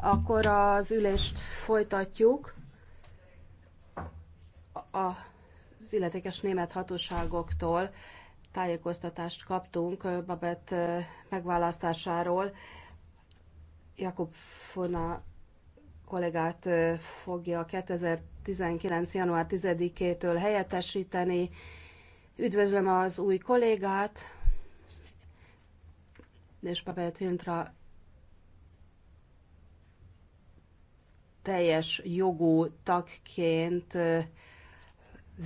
akkor az ülést folytatjuk az illetékes német hatóságoktól tájékoztatást kaptunk babett megválasztásáról jakob fona kollégát fogja 2000 19. január 10-től helyettesíteni. Üdvözlöm az új kollégát, és Pavel Tvintra teljes jogú tagként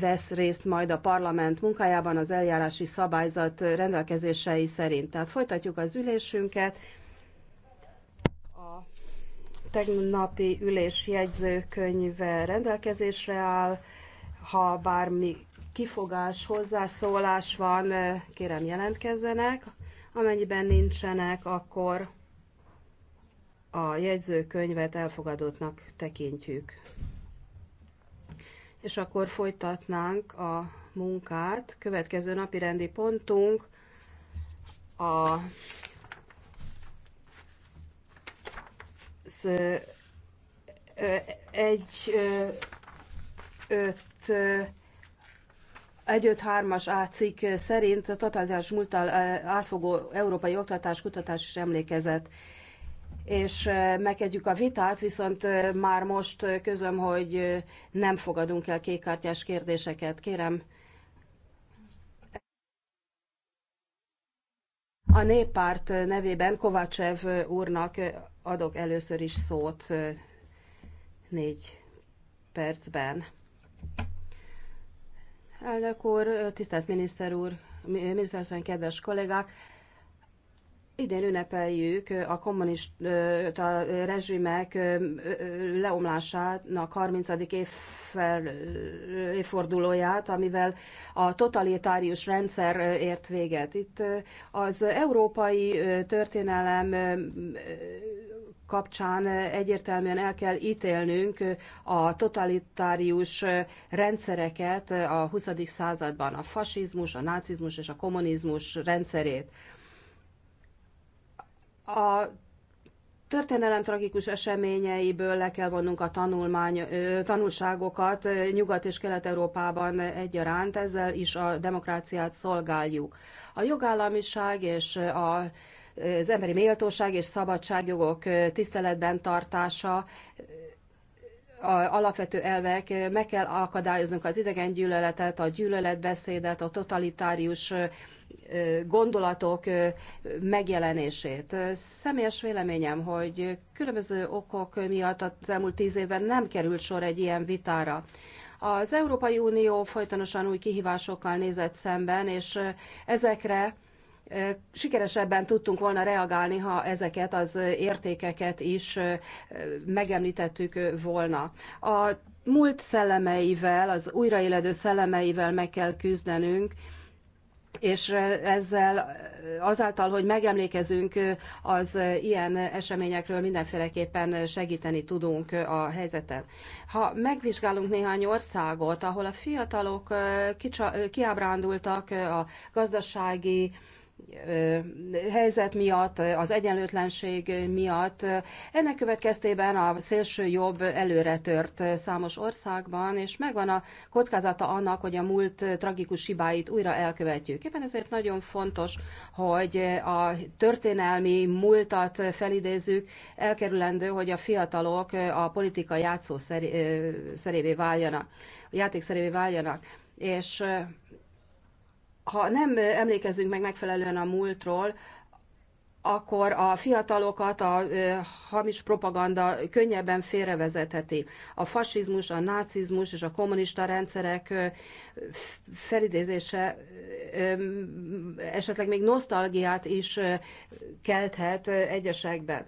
vesz részt majd a parlament munkájában az eljárási szabályzat rendelkezései szerint. Tehát folytatjuk az ülésünket tegnapi ülés jegyzőkönyve rendelkezésre áll. Ha bármi kifogás, hozzászólás van, eh, kérem jelentkezzenek. Amennyiben nincsenek, akkor a jegyzőkönyvet elfogadottnak tekintjük. És akkor folytatnánk a munkát. Következő napi rendi pontunk a egy öt egy 5 3 ácik szerint a totalitárs múltal átfogó európai oktatás, kutatás és emlékezet és megkezdjük a vitát, viszont már most közlöm, hogy nem fogadunk el kékkártyás kérdéseket. Kérem, A néppárt nevében Kovácsev úrnak adok először is szót négy percben. Elnök úr, tisztelt miniszter úr, miniszter kedves kollégák! Idén ünnepeljük a kommunista rezsimek leomlásának 30. Évfel, évfordulóját, amivel a totalitárius rendszer ért véget. Itt az európai történelem kapcsán egyértelműen el kell ítélnünk a totalitárius rendszereket a 20. században, a fasizmus, a nácizmus és a kommunizmus rendszerét. A történelem tragikus eseményeiből le kell vonnunk a tanulmány, tanulságokat Nyugat- és Kelet-Európában egyaránt, ezzel is a demokráciát szolgáljuk. A jogállamiság és a az emberi méltóság és szabadságjogok tiszteletben tartása alapvető elvek, meg kell akadályoznunk az idegengyűlöletet, a gyűlöletbeszédet, a totalitárius gondolatok megjelenését. Személyes véleményem, hogy különböző okok miatt az elmúlt tíz évben nem került sor egy ilyen vitára. Az Európai Unió folytonosan új kihívásokkal nézett szemben, és ezekre sikeresebben tudtunk volna reagálni, ha ezeket az értékeket is megemlítettük volna. A múlt szellemeivel, az újraéledő szellemeivel meg kell küzdenünk, és ezzel azáltal, hogy megemlékezünk az ilyen eseményekről mindenféleképpen segíteni tudunk a helyzeten. Ha megvizsgálunk néhány országot, ahol a fiatalok kiábrándultak a gazdasági helyzet miatt, az egyenlőtlenség miatt. Ennek következtében a szélső jobb előre tört számos országban, és megvan a kockázata annak, hogy a múlt tragikus hibáit újra elkövetjük. Éppen ezért nagyon fontos, hogy a történelmi múltat felidézzük, elkerülendő, hogy a fiatalok a politika játszó szerévé váljanak, játékszerévé váljanak. És ha nem emlékezünk meg megfelelően a múltról, akkor a fiatalokat a hamis propaganda könnyebben félrevezetheti. A fasizmus, a nácizmus és a kommunista rendszerek felidézése esetleg még nosztalgiát is kelthet egyesekben.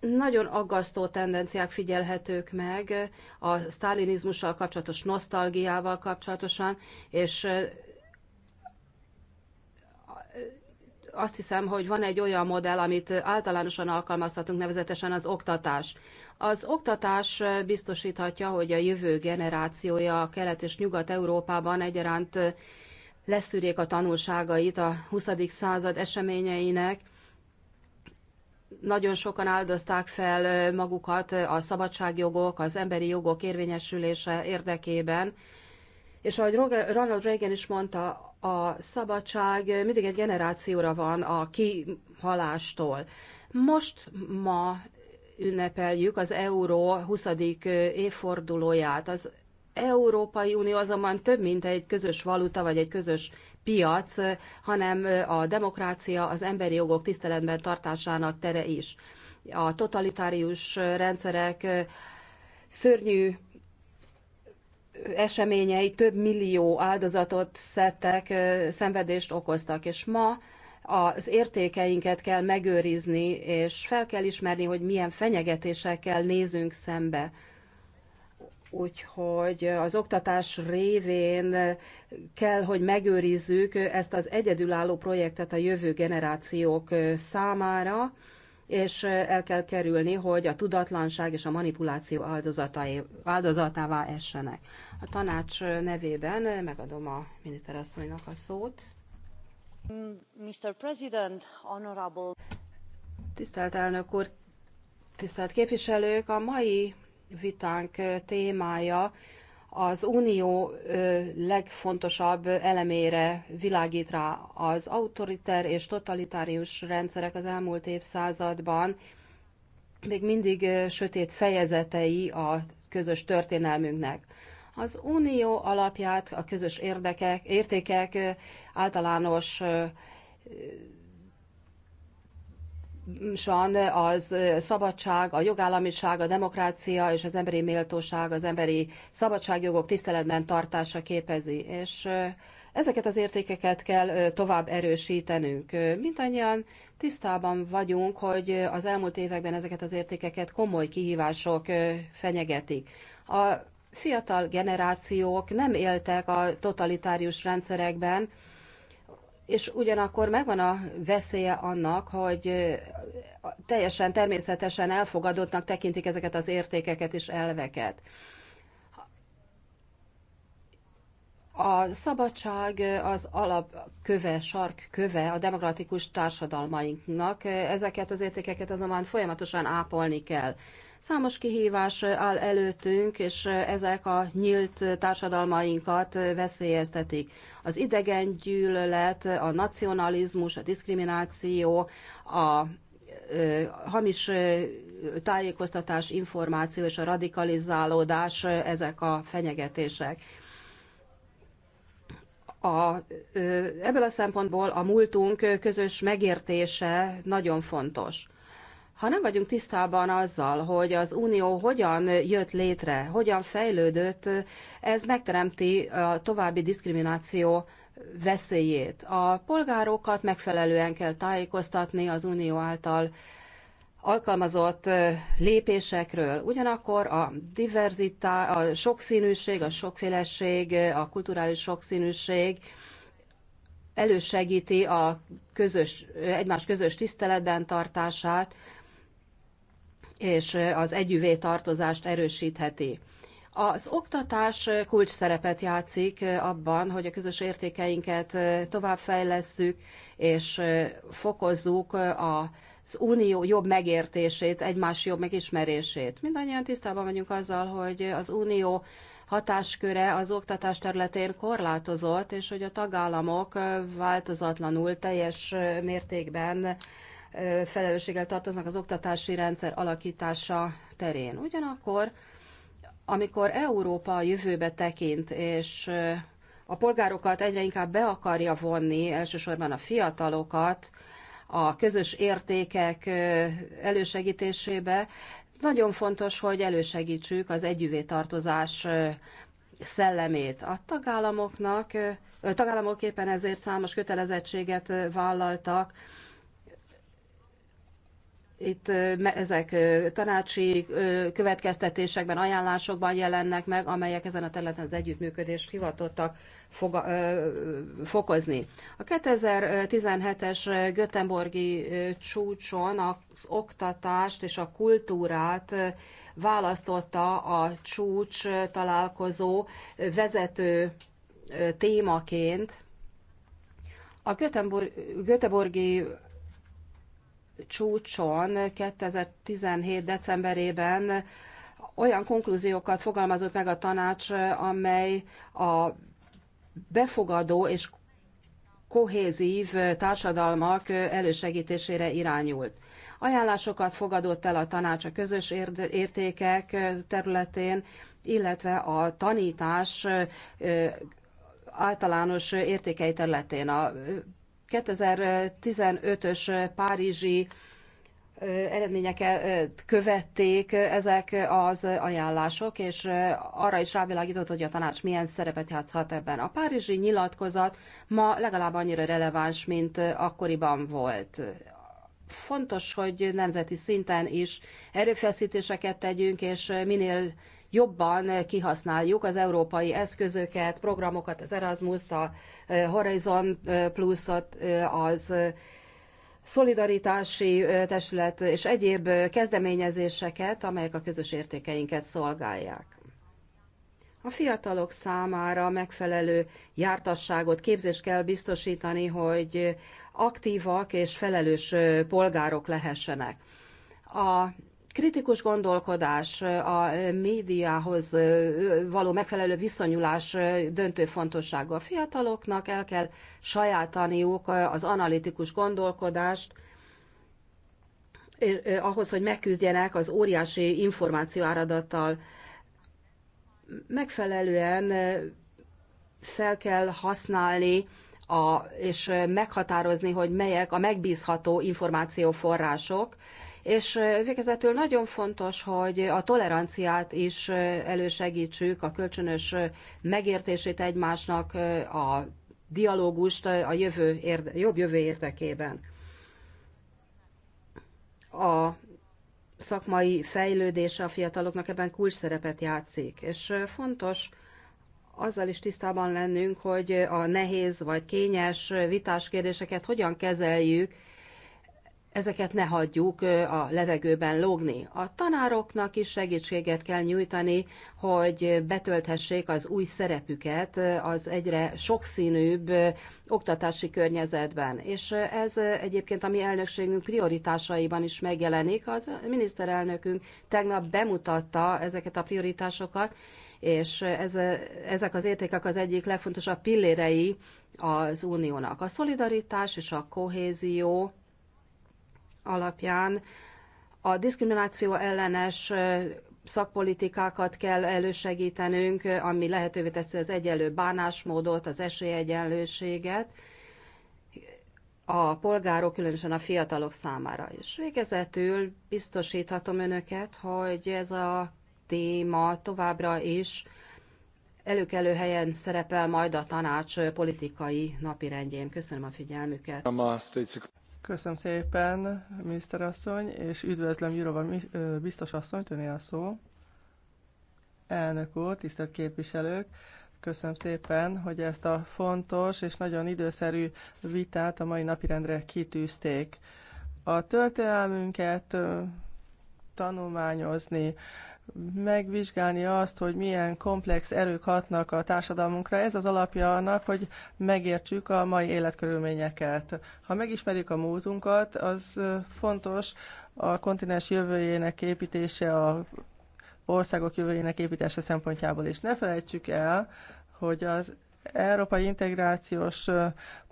Nagyon aggasztó tendenciák figyelhetők meg a sztálinizmussal kapcsolatos nosztalgiával kapcsolatosan, és azt hiszem, hogy van egy olyan modell, amit általánosan alkalmazhatunk, nevezetesen az oktatás. Az oktatás biztosíthatja, hogy a jövő generációja a Kelet- és Nyugat-Európában egyaránt leszűrjék a tanulságait a 20. század eseményeinek. Nagyon sokan áldozták fel magukat a szabadságjogok, az emberi jogok érvényesülése érdekében, és ahogy Ronald Reagan is mondta, a szabadság mindig egy generációra van a kihalástól. Most ma ünnepeljük az euró 20. évfordulóját. Az Európai Unió azonban több, mint egy közös valuta vagy egy közös piac, hanem a demokrácia, az emberi jogok tiszteletben tartásának tere is. A totalitárius rendszerek szörnyű eseményei több millió áldozatot szedtek, szenvedést okoztak, és ma az értékeinket kell megőrizni, és fel kell ismerni, hogy milyen fenyegetésekkel nézünk szembe. Úgyhogy az oktatás révén kell, hogy megőrizzük ezt az egyedülálló projektet a jövő generációk számára, és el kell kerülni, hogy a tudatlanság és a manipuláció áldozatai, áldozatává essenek. A tanács nevében megadom a miniszterasszonynak a szót. Mr. President, honorable... Tisztelt elnök úr, tisztelt képviselők, a mai vitánk témája az unió legfontosabb elemére világít rá az autoriter és totalitárius rendszerek az elmúlt évszázadban, még mindig sötét fejezetei a közös történelmünknek. Az unió alapját a közös érdekek, értékek általános san az szabadság, a jogállamiság, a demokrácia és az emberi méltóság, az emberi szabadságjogok tiszteletben tartása képezi. És ezeket az értékeket kell tovább erősítenünk. Mindannyian tisztában vagyunk, hogy az elmúlt években ezeket az értékeket komoly kihívások fenyegetik. A fiatal generációk nem éltek a totalitárius rendszerekben, és ugyanakkor megvan a veszélye annak, hogy teljesen természetesen elfogadottnak tekintik ezeket az értékeket és elveket. A szabadság az alapköve, sarkköve a demokratikus társadalmainknak. Ezeket az értékeket azonban folyamatosan ápolni kell. Számos kihívás áll előttünk, és ezek a nyílt társadalmainkat veszélyeztetik. Az idegen gyűlölet, a nacionalizmus, a diszkrimináció, a hamis tájékoztatás, információ és a radikalizálódás, ezek a fenyegetések. A, ebből a szempontból a múltunk közös megértése nagyon fontos. Ha nem vagyunk tisztában azzal, hogy az Unió hogyan jött létre, hogyan fejlődött, ez megteremti a további diszkrimináció veszélyét. A polgárokat megfelelően kell tájékoztatni az Unió által alkalmazott lépésekről. Ugyanakkor a diverzitá, a sokszínűség, a sokféleség, a kulturális sokszínűség elősegíti a közös, egymás közös tiszteletben tartását, és az együvé tartozást erősítheti. Az oktatás kulcs szerepet játszik abban, hogy a közös értékeinket továbbfejlesszük, és fokozzuk az unió jobb megértését, egymás jobb megismerését. Mindannyian tisztában vagyunk azzal, hogy az unió hatásköre az oktatás területén korlátozott, és hogy a tagállamok változatlanul teljes mértékben felelősséggel tartoznak az oktatási rendszer alakítása terén. Ugyanakkor, amikor Európa a jövőbe tekint, és a polgárokat egyre inkább be akarja vonni, elsősorban a fiatalokat, a közös értékek elősegítésébe, nagyon fontos, hogy elősegítsük az együvé tartozás szellemét a tagállamoknak. A tagállamok éppen ezért számos kötelezettséget vállaltak itt ezek tanácsi következtetésekben, ajánlásokban jelennek meg, amelyek ezen a területen az együttműködést hivatottak foga, fokozni. A 2017-es Göteborgi csúcson az oktatást és a kultúrát választotta a csúcs találkozó vezető témaként. A Göteborgi csúcson 2017. decemberében olyan konklúziókat fogalmazott meg a tanács, amely a befogadó és kohézív társadalmak elősegítésére irányult. Ajánlásokat fogadott el a tanács a közös értékek területén, illetve a tanítás általános értékei területén. A 2015-ös párizsi eredményeket követték ezek az ajánlások, és arra is rávilágított, hogy a tanács milyen szerepet játszhat ebben. A párizsi nyilatkozat ma legalább annyira releváns, mint akkoriban volt. Fontos, hogy nemzeti szinten is erőfeszítéseket tegyünk, és minél jobban kihasználjuk az európai eszközöket, programokat, az Erasmus-t, a Horizon Plus-ot, az szolidaritási testület és egyéb kezdeményezéseket, amelyek a közös értékeinket szolgálják. A fiatalok számára megfelelő jártasságot, képzést kell biztosítani, hogy aktívak és felelős polgárok lehessenek. A kritikus gondolkodás, a médiához való megfelelő viszonyulás döntő fontossága a fiataloknak, el kell sajátaniuk az analitikus gondolkodást, ahhoz, hogy megküzdjenek az óriási információáradattal. Megfelelően fel kell használni a, és meghatározni, hogy melyek a megbízható információforrások, és végezetül nagyon fontos, hogy a toleranciát is elősegítsük, a kölcsönös megértését egymásnak, a dialógust a jövő érde, jobb jövő érdekében. A szakmai fejlődése a fiataloknak ebben kulcs szerepet játszik, és fontos, azzal is tisztában lennünk, hogy a nehéz vagy kényes vitás kérdéseket hogyan kezeljük, ezeket ne hagyjuk a levegőben lógni. A tanároknak is segítséget kell nyújtani, hogy betölthessék az új szerepüket az egyre sokszínűbb oktatási környezetben. És ez egyébként a mi elnökségünk prioritásaiban is megjelenik. Az miniszterelnökünk tegnap bemutatta ezeket a prioritásokat, és ez, ezek az értékek az egyik legfontosabb pillérei az uniónak. A szolidaritás és a kohézió alapján a diszkrimináció ellenes szakpolitikákat kell elősegítenünk, ami lehetővé teszi az egyenlő bánásmódot, az esélyegyenlőséget a polgárok, különösen a fiatalok számára is. Végezetül biztosíthatom önöket, hogy ez a téma továbbra is előkelő helyen szerepel majd a tanács politikai napirendjén. Köszönöm a figyelmüket. Köszönöm szépen, miniszterasszony, és üdvözlöm Jurova biztos asszonyt, öné a szó. Elnök úr, tisztelt képviselők, köszönöm szépen, hogy ezt a fontos és nagyon időszerű vitát a mai napirendre kitűzték. A történelmünket tanulmányozni, megvizsgálni azt, hogy milyen komplex erők hatnak a társadalmunkra. Ez az alapja annak, hogy megértsük a mai életkörülményeket. Ha megismerjük a múltunkat, az fontos a kontinens jövőjének építése, a országok jövőjének építése szempontjából is. Ne felejtsük el, hogy az európai integrációs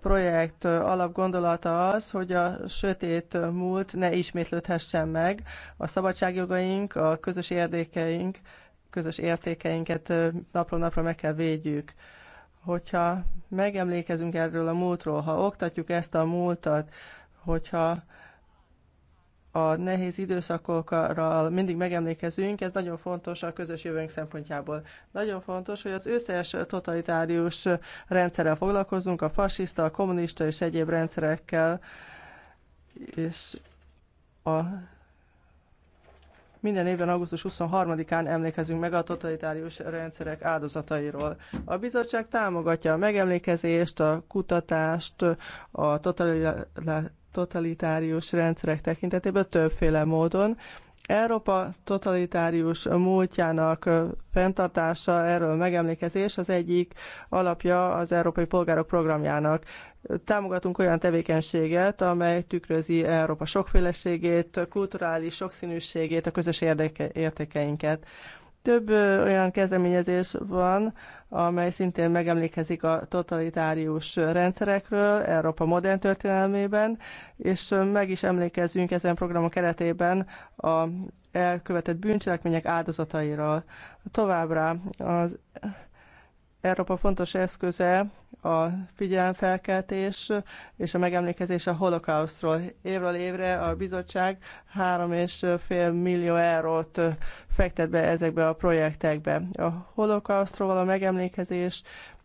projekt alapgondolata az, hogy a sötét múlt ne ismétlődhessen meg, a szabadságjogaink, a közös érdekeink, közös értékeinket napról napra meg kell védjük. Hogyha megemlékezünk erről a múltról, ha oktatjuk ezt a múltat, hogyha a nehéz időszakokra mindig megemlékezünk, ez nagyon fontos a közös jövőnk szempontjából. Nagyon fontos, hogy az összes totalitárius rendszerrel foglalkozunk, a fasiszta, a kommunista és egyéb rendszerekkel, és a minden évben augusztus 23-án emlékezünk meg a totalitárius rendszerek áldozatairól. A bizottság támogatja a megemlékezést, a kutatást, a totalitárius totalitárius rendszerek tekintetében többféle módon. Európa totalitárius múltjának fenntartása, erről megemlékezés az egyik alapja az Európai Polgárok Programjának. Támogatunk olyan tevékenységet, amely tükrözi Európa sokféleségét, kulturális sokszínűségét, a közös érdeke, értékeinket. Több olyan kezdeményezés van, amely szintén megemlékezik a totalitárius rendszerekről Európa modern történelmében, és meg is emlékezünk ezen programok keretében a elkövetett bűncselekmények áldozataira. Továbbra az Európa fontos eszköze a figyelemfelkeltés és a megemlékezés a holokausztról. Évről évre a bizottság 3,5 millió eurót fektet be ezekbe a projektekbe. A holokausztról a megemlékezés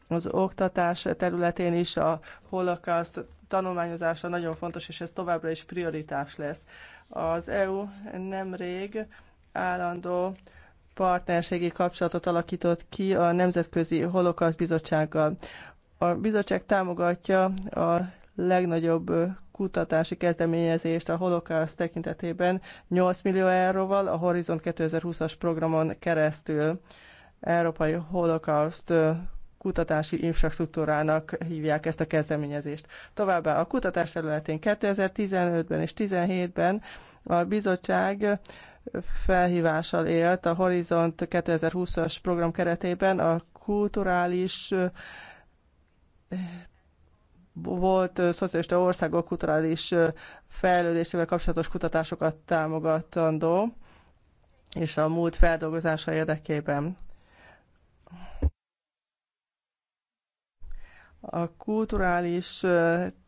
az oktatás területén is a holokauszt tanulmányozása nagyon fontos, és ez továbbra is prioritás lesz. Az EU nemrég állandó partnerségi kapcsolatot alakított ki a Nemzetközi Holokausz Bizottsággal. A bizottság támogatja a legnagyobb kutatási kezdeményezést a holokausz tekintetében 8 millió euróval a Horizont 2020-as programon keresztül. Európai Holokauszt kutatási infrastruktúrának hívják ezt a kezdeményezést. Továbbá a kutatás területén 2015-ben és 2017-ben a bizottság felhívással élt a Horizont 2020-as program keretében a kulturális volt szocialista országok kulturális fejlődésével kapcsolatos kutatásokat támogatandó, és a múlt feldolgozása érdekében a kulturális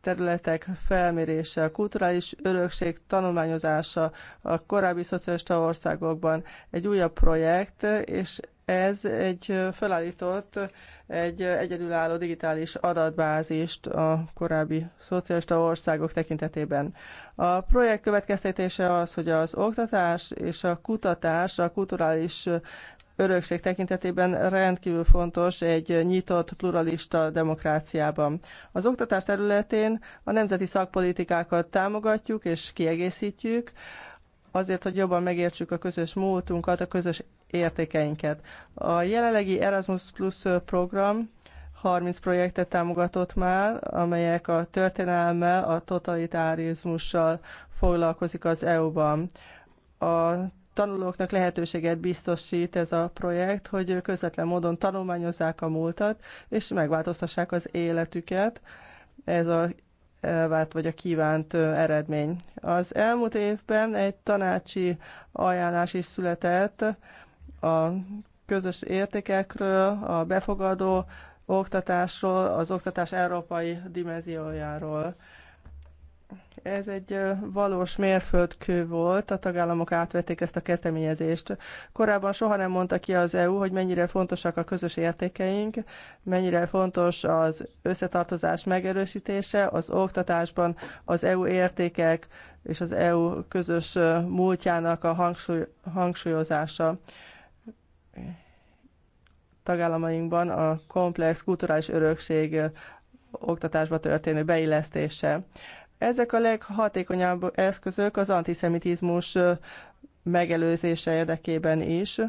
területek felmérése, a kulturális örökség tanulmányozása a korábbi szocialista országokban egy újabb projekt, és ez egy felállított, egy egyedülálló digitális adatbázist a korábbi szocialista országok tekintetében. A projekt következtetése az, hogy az oktatás és a kutatás a kulturális örökség tekintetében rendkívül fontos egy nyitott, pluralista demokráciában. Az oktatás területén a nemzeti szakpolitikákat támogatjuk és kiegészítjük, azért, hogy jobban megértsük a közös múltunkat, a közös értékeinket. A jelenlegi Erasmus Plus program 30 projektet támogatott már, amelyek a történelemmel, a totalitárizmussal foglalkozik az EU-ban. A tanulóknak lehetőséget biztosít ez a projekt, hogy közvetlen módon tanulmányozzák a múltat, és megváltoztassák az életüket. Ez a elvárt vagy a kívánt eredmény. Az elmúlt évben egy tanácsi ajánlás is született a közös értékekről, a befogadó oktatásról, az oktatás európai dimenziójáról. Ez egy valós mérföldkő volt, a tagállamok átvették ezt a kezdeményezést. Korábban soha nem mondta ki az EU, hogy mennyire fontosak a közös értékeink, mennyire fontos az összetartozás megerősítése, az oktatásban az EU értékek és az EU közös múltjának a hangsúly, hangsúlyozása tagállamainkban a komplex kulturális örökség oktatásba történő beillesztése. Ezek a leghatékonyabb eszközök az antiszemitizmus megelőzése érdekében is.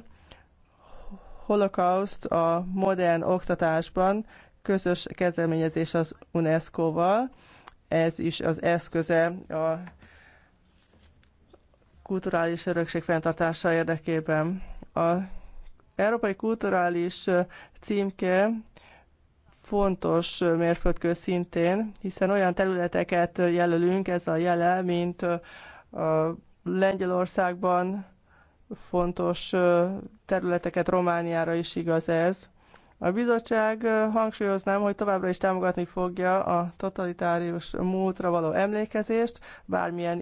Holokauszt a modern oktatásban közös kezdeményezés az UNESCO-val. Ez is az eszköze a kulturális örökség fenntartása érdekében. A Európai Kulturális címke fontos mérföldkő szintén, hiszen olyan területeket jelölünk, ez a jele, mint a Lengyelországban fontos területeket, Romániára is igaz ez. A bizottság hangsúlyoznám, hogy továbbra is támogatni fogja a totalitárius múltra való emlékezést, bármilyen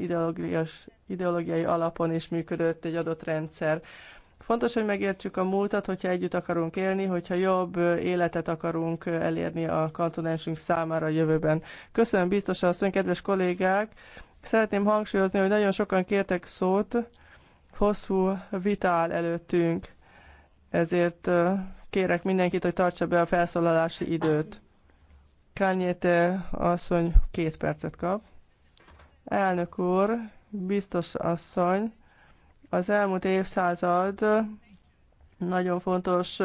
ideológiai alapon is működött egy adott rendszer. Fontos, hogy megértsük a múltat, hogyha együtt akarunk élni, hogyha jobb életet akarunk elérni a kantonensünk számára a jövőben. Köszönöm biztos a kedves kollégák! Szeretném hangsúlyozni, hogy nagyon sokan kértek szót, hosszú vitál előttünk, ezért kérek mindenkit, hogy tartsa be a felszólalási időt. Kányéte asszony két percet kap. Elnök úr, biztos asszony, az elmúlt évszázad nagyon fontos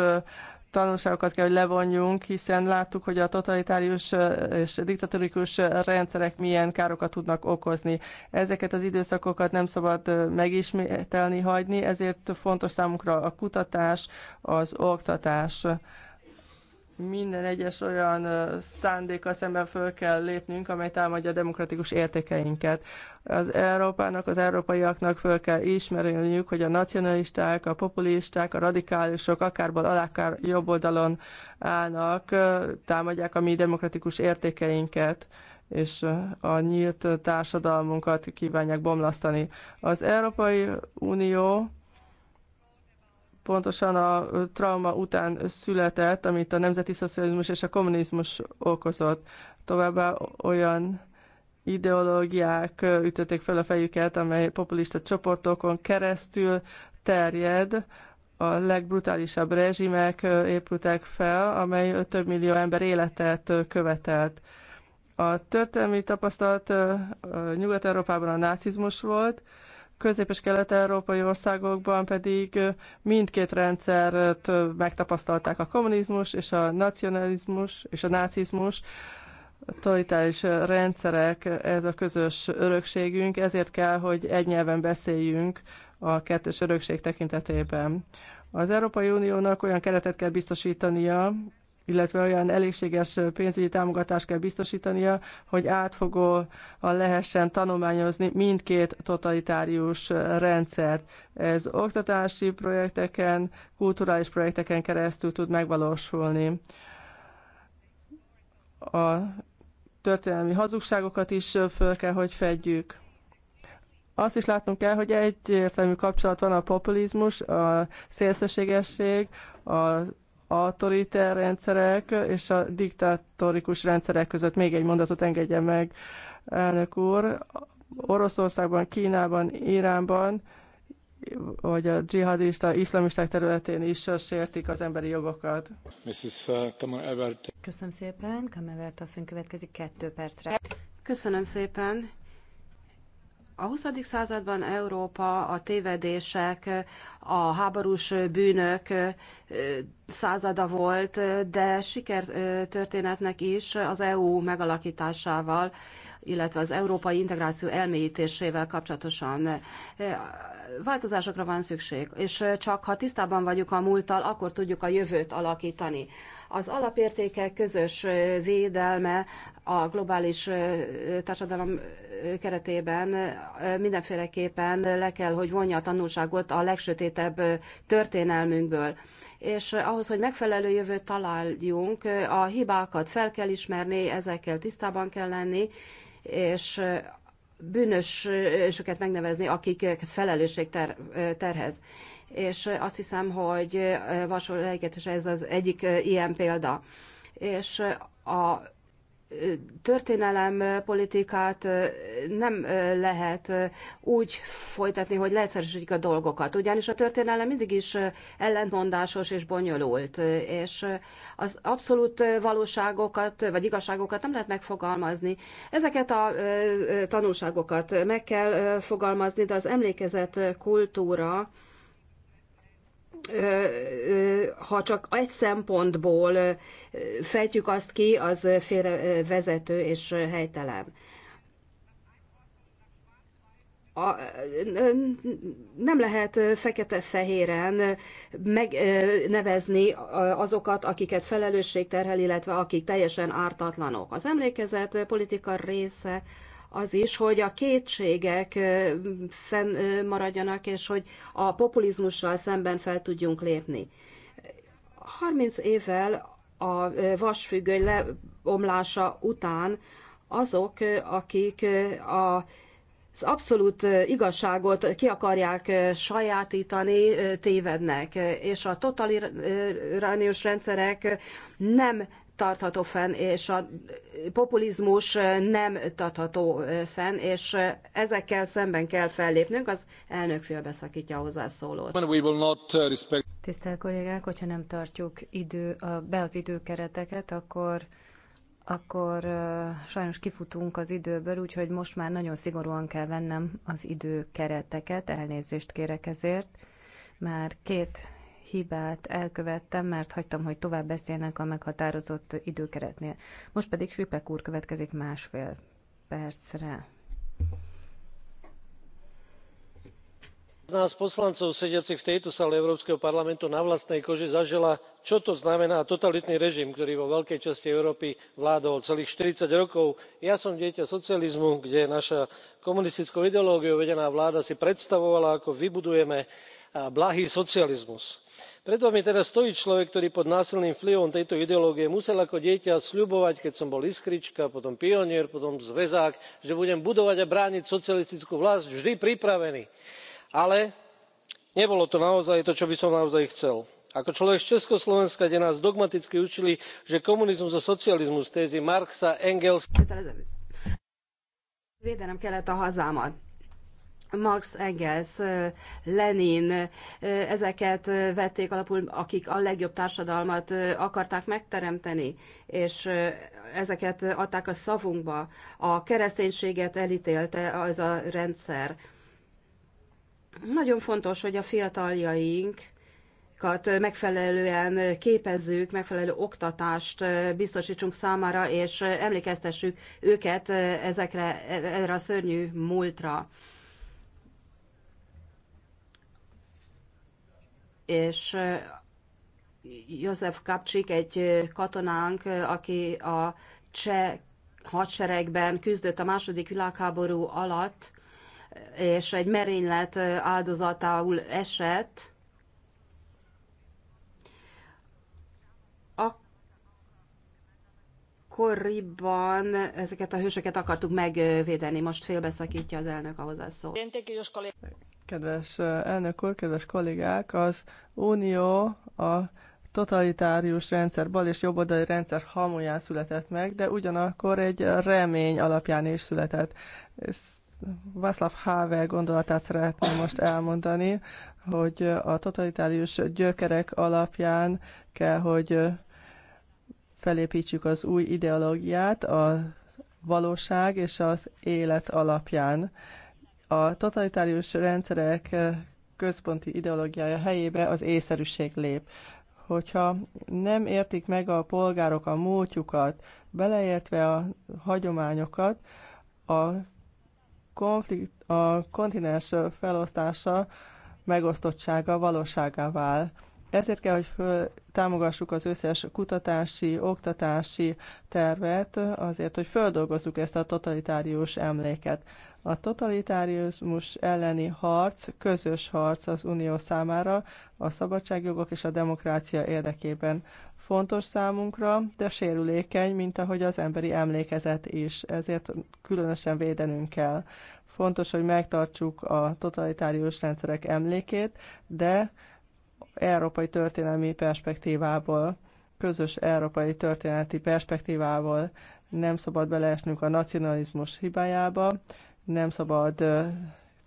tanulságokat kell, hogy levonjunk, hiszen láttuk, hogy a totalitárius és diktatórikus rendszerek milyen károkat tudnak okozni. Ezeket az időszakokat nem szabad megismételni, hagyni, ezért fontos számunkra a kutatás, az oktatás minden egyes olyan szándéka szemben föl kell lépnünk, amely támadja a demokratikus értékeinket. Az Európának, az európaiaknak föl kell ismerniük, hogy a nacionalisták, a populisták, a radikálisok akárból alá, akár jobb oldalon állnak, támadják a mi demokratikus értékeinket és a nyílt társadalmunkat kívánják bomlasztani. Az Európai Unió pontosan a trauma után született, amit a nemzeti szocializmus és a kommunizmus okozott. Továbbá olyan ideológiák ütötték fel a fejüket, amely populista csoportokon keresztül terjed, a legbrutálisabb rezsimek épültek fel, amely több millió ember életet követelt. A történelmi tapasztalat Nyugat-Európában a nácizmus volt, közép- és kelet-európai országokban pedig mindkét rendszert megtapasztalták a kommunizmus és a nacionalizmus és a nácizmus, totalitáris rendszerek, ez a közös örökségünk, ezért kell, hogy egy nyelven beszéljünk a kettős örökség tekintetében. Az Európai Uniónak olyan keretet kell biztosítania, illetve olyan elégséges pénzügyi támogatást kell biztosítania, hogy átfogóan lehessen tanulmányozni mindkét totalitárius rendszert. Ez oktatási projekteken, kulturális projekteken keresztül tud megvalósulni. A történelmi hazugságokat is föl kell, hogy fedjük. Azt is látnunk kell, hogy egyértelmű kapcsolat van a populizmus, a szélsőségesség, a autoriter rendszerek és a diktatórikus rendszerek között. Még egy mondatot engedje meg, elnök úr. Oroszországban, Kínában, Iránban vagy a dzsihadista, iszlamisták területén is sértik az emberi jogokat. Mrs. Uh, Köszönöm szépen. Kamevert asszony következik kettő percre. Köszönöm szépen. A 20. században Európa a tévedések, a háborús bűnök százada volt, de sikertörténetnek is az EU megalakításával, illetve az európai integráció elmélyítésével kapcsolatosan változásokra van szükség, és csak ha tisztában vagyunk a múlttal, akkor tudjuk a jövőt alakítani. Az alapértékek közös védelme a globális társadalom keretében mindenféleképpen le kell, hogy vonja a tanulságot a legsötétebb történelmünkből és ahhoz, hogy megfelelő jövőt találjunk, a hibákat fel kell ismerni, ezekkel tisztában kell lenni, és bűnösöket megnevezni, akiket felelősség ter, terhez és azt hiszem, hogy Vasol és ez az egyik ilyen példa. És a történelem politikát nem lehet úgy folytatni, hogy leegyszerűsítik a dolgokat, ugyanis a történelem mindig is ellentmondásos és bonyolult, és az abszolút valóságokat vagy igazságokat nem lehet megfogalmazni. Ezeket a tanulságokat meg kell fogalmazni, de az emlékezet kultúra ha csak egy szempontból fejtjük azt ki, az félrevezető és helytelen. A, nem lehet fekete-fehéren megnevezni azokat, akiket felelősség terhel, illetve akik teljesen ártatlanok. Az emlékezet politika része az is, hogy a kétségek fenn maradjanak, és hogy a populizmussal szemben fel tudjunk lépni. 30 évvel a vasfüggöny leomlása után azok, akik a az abszolút igazságot ki akarják sajátítani, tévednek, és a totalitárius rendszerek nem tartható fenn, és a populizmus nem tartható fenn, és ezekkel szemben kell fellépnünk, az elnök félbeszakítja a hozzászólót. Uh, Tisztelt kollégák, hogyha nem tartjuk idő, be az időkereteket, akkor akkor sajnos kifutunk az időből, úgyhogy most már nagyon szigorúan kell vennem az időkereteket, elnézést kérek ezért. Már két hibát elkövettem, mert hagytam, hogy tovább beszélnek a meghatározott időkeretnél. Most pedig Sripek úr következik másfél percre. nás poslancov sediacich v tejto sále európskeho parlamentu na vlastnej koži zažila čo to znamená totalitný režim ktorý vo veľkej časti európy vládol celých 40 rokov. ja som dieťa socializmu kde naša komunistickou ideológiou vedená vláda si predstavovala ako vybudujeme a blahý socializmus. pred vami teraz stojí človek ktorý pod násilným vplyvom tejto ideológie musel ako dieťa sľubovať keď som bol iskrička potom pionier potom zväzák že budem budovať a brániť socialistickú vlasť vždy pripravený. ale nebolo to naozaj to čo by som naozaj chcel. ako človek z československa kde nás dogmaticky učili že komunizmus a socializmus tézy marxa engelsa. Marx, Engels, Lenin, ezeket vették alapul, akik a legjobb társadalmat akarták megteremteni, és ezeket adták a szavunkba. A kereszténységet elítélte az a rendszer. Nagyon fontos, hogy a fiataljaink megfelelően képezzük, megfelelő oktatást biztosítsunk számára, és emlékeztessük őket ezekre, erre a szörnyű múltra. és eh, József Kapcsik, egy eh, katonánk, eh, aki a cseh hadseregben küzdött a második világháború alatt, és egy merénylet áldozatául esett, akkoriban ezeket a hősöket akartuk megvédeni. Most félbeszakítja az elnök a hozzászó. Kedves elnök úr, kedves kollégák, az Unió a totalitárius rendszer, bal és jobboldali rendszer hamuján született meg, de ugyanakkor egy remény alapján is született. Václav Havel gondolatát szeretném most elmondani, hogy a totalitárius gyökerek alapján kell, hogy felépítsük az új ideológiát a valóság és az élet alapján. A totalitárius rendszerek eh, központi ideológiája helyébe az észszerűség lép. Hogyha nem értik meg a polgárok a múltjukat, beleértve a hagyományokat, a, konflikt, a kontinens felosztása, megosztottsága valóságá vál. Ezért kell, hogy föl, támogassuk az összes kutatási, oktatási tervet, azért, hogy földolgozzuk ezt a totalitárius emléket. A totalitárius elleni harc közös harc az Unió számára a szabadságjogok és a demokrácia érdekében. Fontos számunkra, de sérülékeny, mint ahogy az emberi emlékezet is, ezért különösen védenünk kell. Fontos, hogy megtartsuk a totalitárius rendszerek emlékét, de európai történelmi perspektívából, közös európai történeti perspektívából nem szabad beleesnünk a nacionalizmus hibájába, nem szabad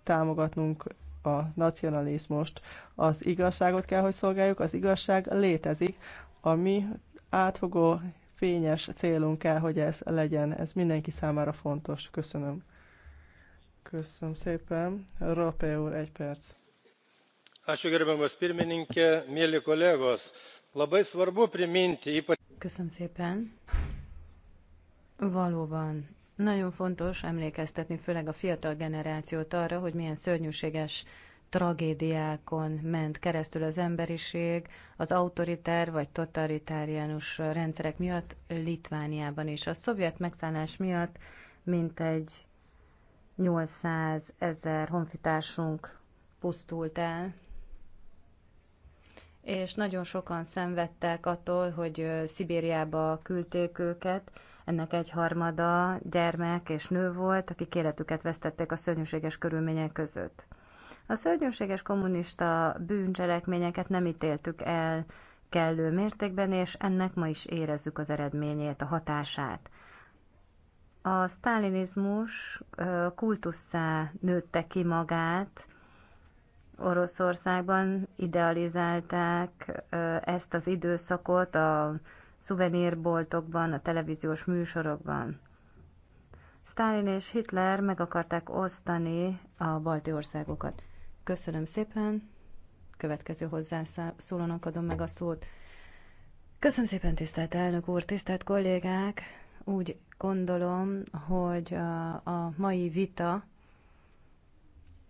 támogatnunk a nacionalizmust. Az igazságot kell, hogy szolgáljuk, az igazság létezik. A mi átfogó, fényes célunk kell, hogy ez legyen. Ez mindenki számára fontos. Köszönöm. Köszönöm szépen. Rope úr, egy perc. priminti Köszönöm szépen. Valóban nagyon fontos emlékeztetni főleg a fiatal generációt arra, hogy milyen szörnyűséges tragédiákon ment keresztül az emberiség, az autoritár vagy totalitáriánus rendszerek miatt Litvániában is. A szovjet megszállás miatt mintegy 800 ezer honfitársunk pusztult el, és nagyon sokan szenvedtek attól, hogy Szibériába küldték őket, ennek egyharmada gyermek és nő volt, akik életüket vesztették a szörnyűséges körülmények között. A szörnyűséges kommunista bűncselekményeket nem ítéltük el kellő mértékben, és ennek ma is érezzük az eredményét, a hatását. A sztálinizmus kultusszá nőtte ki magát, Oroszországban idealizálták ezt az időszakot, a szuvenírboltokban, a televíziós műsorokban. Stalin és Hitler meg akarták osztani a balti országokat. Köszönöm szépen. Következő hozzászólónak adom meg a szót. Köszönöm szépen, tisztelt elnök úr, tisztelt kollégák! Úgy gondolom, hogy a mai vita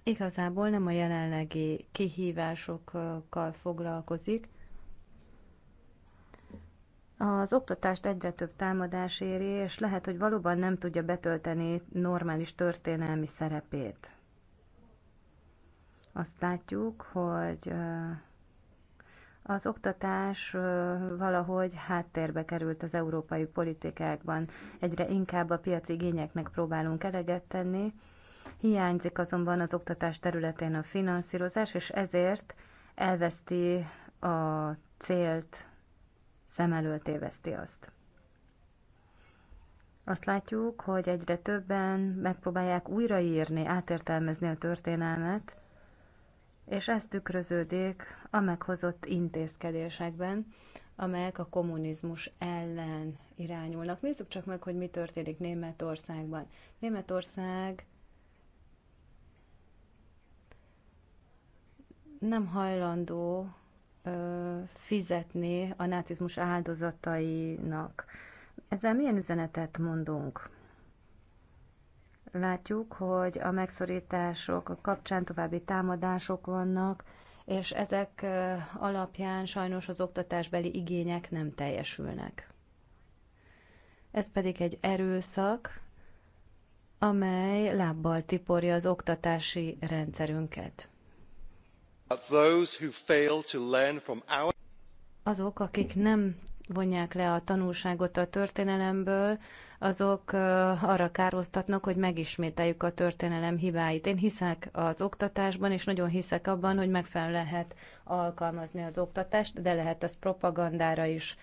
igazából nem a jelenlegi kihívásokkal foglalkozik, az oktatást egyre több támadás éri, és lehet, hogy valóban nem tudja betölteni normális történelmi szerepét. Azt látjuk, hogy az oktatás valahogy háttérbe került az európai politikákban. Egyre inkább a piaci igényeknek próbálunk eleget tenni. Hiányzik azonban az oktatás területén a finanszírozás, és ezért elveszti a célt szem elől téveszti azt. Azt látjuk, hogy egyre többen megpróbálják újraírni, átértelmezni a történelmet, és ez tükröződik a meghozott intézkedésekben, amelyek a kommunizmus ellen irányulnak. Nézzük csak meg, hogy mi történik Németországban. Németország nem hajlandó fizetni a nácizmus áldozatainak. Ezzel milyen üzenetet mondunk? Látjuk, hogy a megszorítások kapcsán további támadások vannak, és ezek alapján sajnos az oktatásbeli igények nem teljesülnek. Ez pedig egy erőszak, amely lábbal tiporja az oktatási rendszerünket. Azok, akik nem vonják le a tanulságot a történelemből, azok arra károztatnak, hogy megismételjük a történelem hibáit. Én hiszek az oktatásban, és nagyon hiszek abban, hogy megfelelően lehet alkalmazni az oktatást, de lehet ezt propagandára is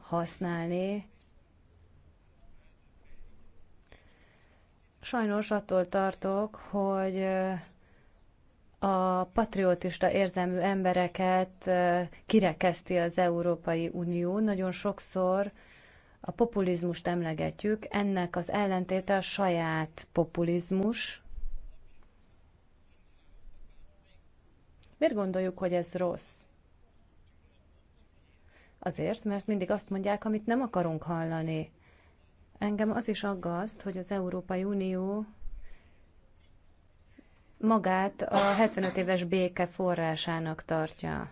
használni. Sajnos attól tartok, hogy a patriotista érzelmű embereket kirekeszti az Európai Unió. Nagyon sokszor a populizmust emlegetjük, ennek az ellentéte a saját populizmus. Miért gondoljuk, hogy ez rossz? Azért, mert mindig azt mondják, amit nem akarunk hallani. Engem az is aggaszt, hogy az Európai Unió magát a 75 éves béke forrásának tartja.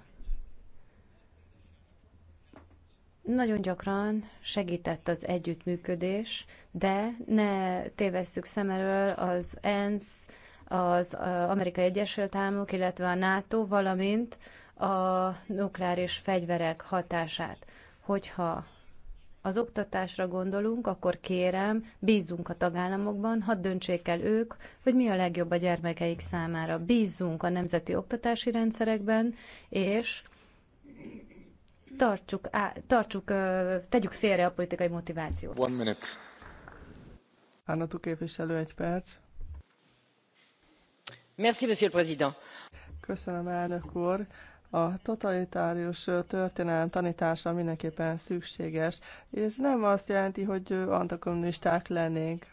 Nagyon gyakran segített az együttműködés, de ne tévesszük szem elől az ENSZ, az Amerikai Egyesült Államok, illetve a NATO, valamint a nukleáris fegyverek hatását. Hogyha az oktatásra gondolunk, akkor kérem, bízzunk a tagállamokban, hadd döntsék el ők, hogy mi a legjobb a gyermekeik számára. Bízzunk a nemzeti oktatási rendszerekben, és tartsuk, á, tartsuk tegyük félre a politikai motivációt. One minute. Árnatú képviselő, egy perc. Merci, monsieur le président. Köszönöm, elnök úr. A totalitárius történelem tanítása mindenképpen szükséges, és nem azt jelenti, hogy antakommunisták lennénk,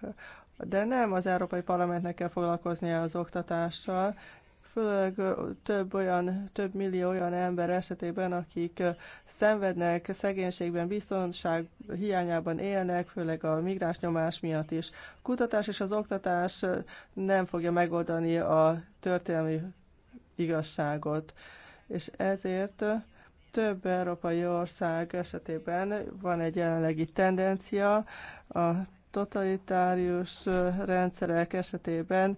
de nem az Európai Parlamentnek kell foglalkoznia az oktatással, főleg több olyan, több millió olyan ember esetében, akik szenvednek, szegénységben, biztonság hiányában élnek, főleg a migráns nyomás miatt is. A kutatás és az oktatás nem fogja megoldani a történelmi igazságot és ezért több európai ország esetében van egy jelenlegi tendencia a totalitárius rendszerek esetében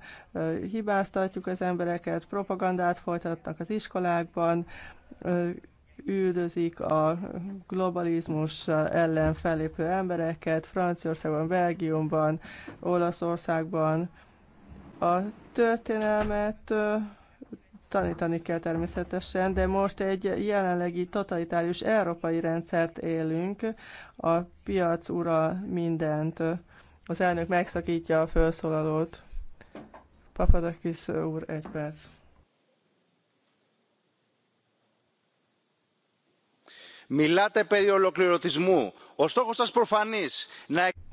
hibáztatjuk az embereket, propagandát folytatnak az iskolákban, üldözik a globalizmus ellen fellépő embereket Franciaországban, Belgiumban, Olaszországban. A történelmet tanítani kell természetesen, de most egy jelenlegi totalitárius európai rendszert élünk, a piac ura mindent. Az elnök megszakítja a felszólalót. Papadakis úr, egy perc. Μιλάτε περί ολοκληρωτισμού. Ο στόχος σας προφανής να